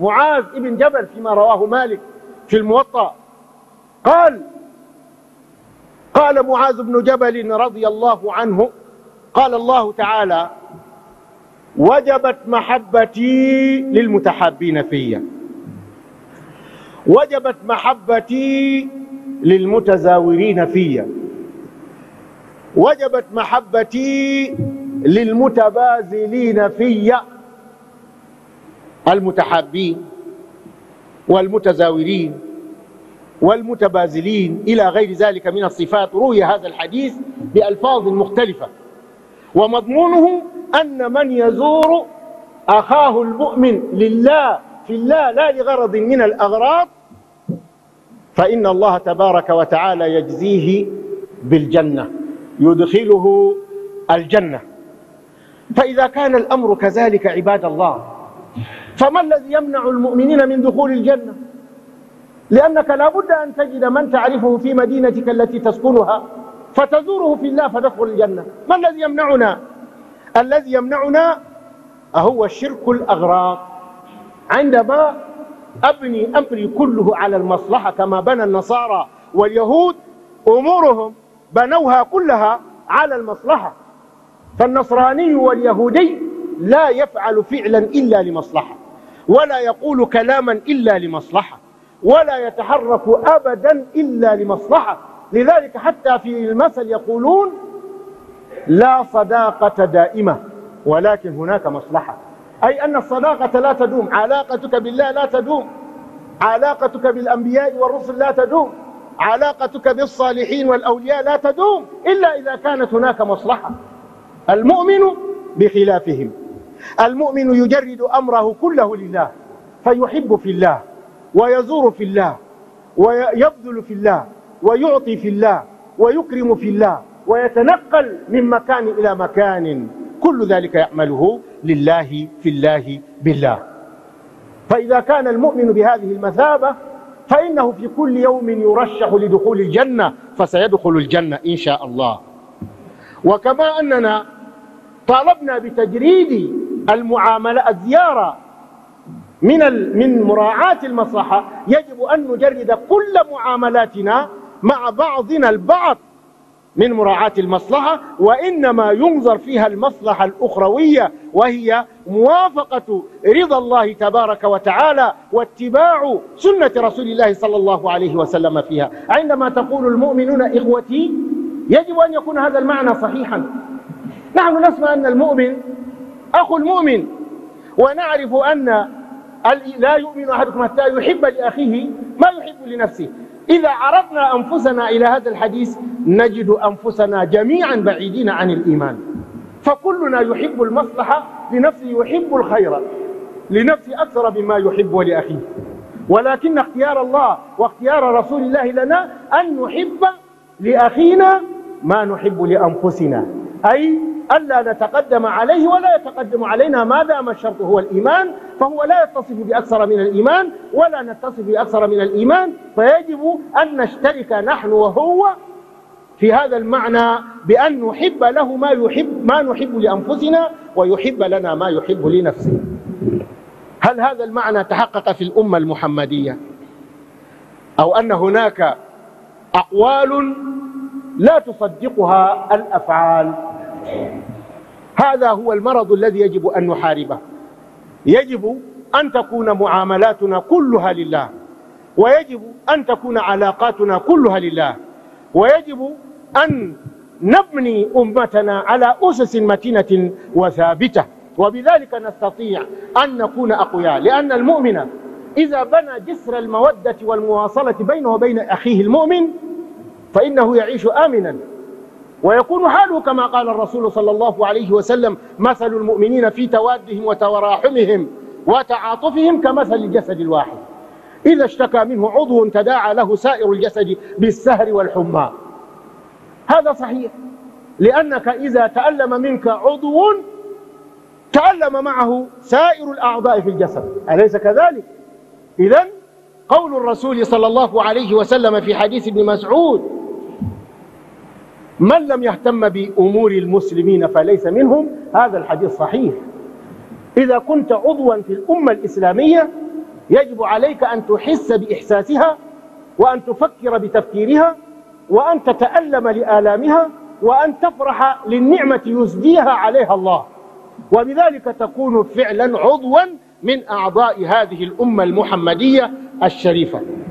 معاذ ابن جبل فيما رواه مالك في الموطأ قال قال معاذ بن جبل رضي الله عنه قال الله تعالى وجبت محبتي للمتحابين فيا وجبت محبتي للمتزاورين فيا وجبت محبتي للمتبازلين فيا المتحابين والمتزاورين والمتبازلين إلى غير ذلك من الصفات روي هذا الحديث بألفاظ مختلفة ومضمونه أن من يزور أخاه المؤمن لله في الله لا لغرض من الأغراض فإن الله تبارك وتعالى يجزيه بالجنة يدخله الجنة فإذا كان الأمر كذلك عباد الله فما الذي يمنع المؤمنين من دخول الجنة لأنك لا بد أن تجد من تعرفه في مدينتك التي تسكنها فتزوره في الله فتدخل الجنة ما الذي يمنعنا الذي يمنعنا هو الشرك الأغراق عندما أبني أمري كله على المصلحة كما بنى النصارى واليهود أمورهم بنوها كلها على المصلحة فالنصراني واليهودي لا يفعل فعلا إلا لمصلحة ولا يقول كلاما إلا لمصلحة ولا يتحرك أبدا إلا لمصلحة لذلك حتى في المثل يقولون لا صداقة دائمة ولكن هناك مصلحة أي أن الصداقة لا تدوم علاقتك بالله لا تدوم علاقتك بالأنبياء والرسل لا تدوم علاقتك بالصالحين والأولياء لا تدوم إلا إذا كانت هناك مصلحة المؤمن بخلافهم المؤمن يجرد أمره كله لله فيحب في الله ويزور في الله ويبذل في الله ويعطي في الله ويكرم في الله ويتنقل من مكان إلى مكان كل ذلك يعمله لله في الله بالله فإذا كان المؤمن بهذه المثابة فإنه في كل يوم يرشح لدخول الجنة فسيدخل الجنة إن شاء الله وكما أننا طالبنا بتجريد المعاملة الزيارة من من مراعاة المصلحة يجب أن نجرد كل معاملاتنا مع بعضنا البعض من مراعاة المصلحة وإنما ينظر فيها المصلحة الأخروية وهي موافقة رضا الله تبارك وتعالى واتباع سنة رسول الله صلى الله عليه وسلم فيها عندما تقول المؤمنون إخوتي يجب أن يكون هذا المعنى صحيحا نحن نسمع أن المؤمن أخو المؤمن ونعرف أن لا يؤمن أحدكم حتى يحب لأخيه ما يحب لنفسه إذا عرضنا أنفسنا إلى هذا الحديث نجد أنفسنا جميعا بعيدين عن الإيمان فكلنا يحب المصلحة لنفسه يحب الخير لنفسه أكثر مما يحب لأخيه ولكن اختيار الله واختيار رسول الله لنا أن نحب لأخينا ما نحب لأنفسنا أي ألا نتقدم عليه ولا يتقدم علينا ما دام الشرط هو الإيمان فهو لا يتصف بأكثر من الإيمان ولا نتصف بأكثر من الإيمان فيجب أن نشترك نحن وهو في هذا المعنى بأن نحب له ما يحب ما نحب لأنفسنا ويحب لنا ما يحب لنفسه هل هذا المعنى تحقق في الأمة المحمدية أو أن هناك أقوال لا تصدقها الأفعال هذا هو المرض الذي يجب أن نحاربه يجب أن تكون معاملاتنا كلها لله ويجب أن تكون علاقاتنا كلها لله ويجب أن نبني أمتنا على أسس متينة وثابتة وبذلك نستطيع أن نكون أقوياء لأن المؤمن إذا بنى جسر المودة والمواصلة بينه وبين أخيه المؤمن فإنه يعيش آمناً ويكون حاله كما قال الرسول صلى الله عليه وسلم مثل المؤمنين في توادهم وتراحمهم وتعاطفهم كمثل الجسد الواحد إذا اشتكى منه عضو تداعى له سائر الجسد بالسهر والحمى هذا صحيح لأنك إذا تألم منك عضو تألم معه سائر الأعضاء في الجسد أليس كذلك؟ إذا قول الرسول صلى الله عليه وسلم في حديث ابن مسعود من لم يهتم بأمور المسلمين فليس منهم هذا الحديث صحيح إذا كنت عضوا في الأمة الإسلامية يجب عليك أن تحس بإحساسها وأن تفكر بتفكيرها وأن تتألم لآلامها وأن تفرح للنعمة يزديها عليها الله وبذلك تكون فعلا عضوا من أعضاء هذه الأمة المحمدية الشريفة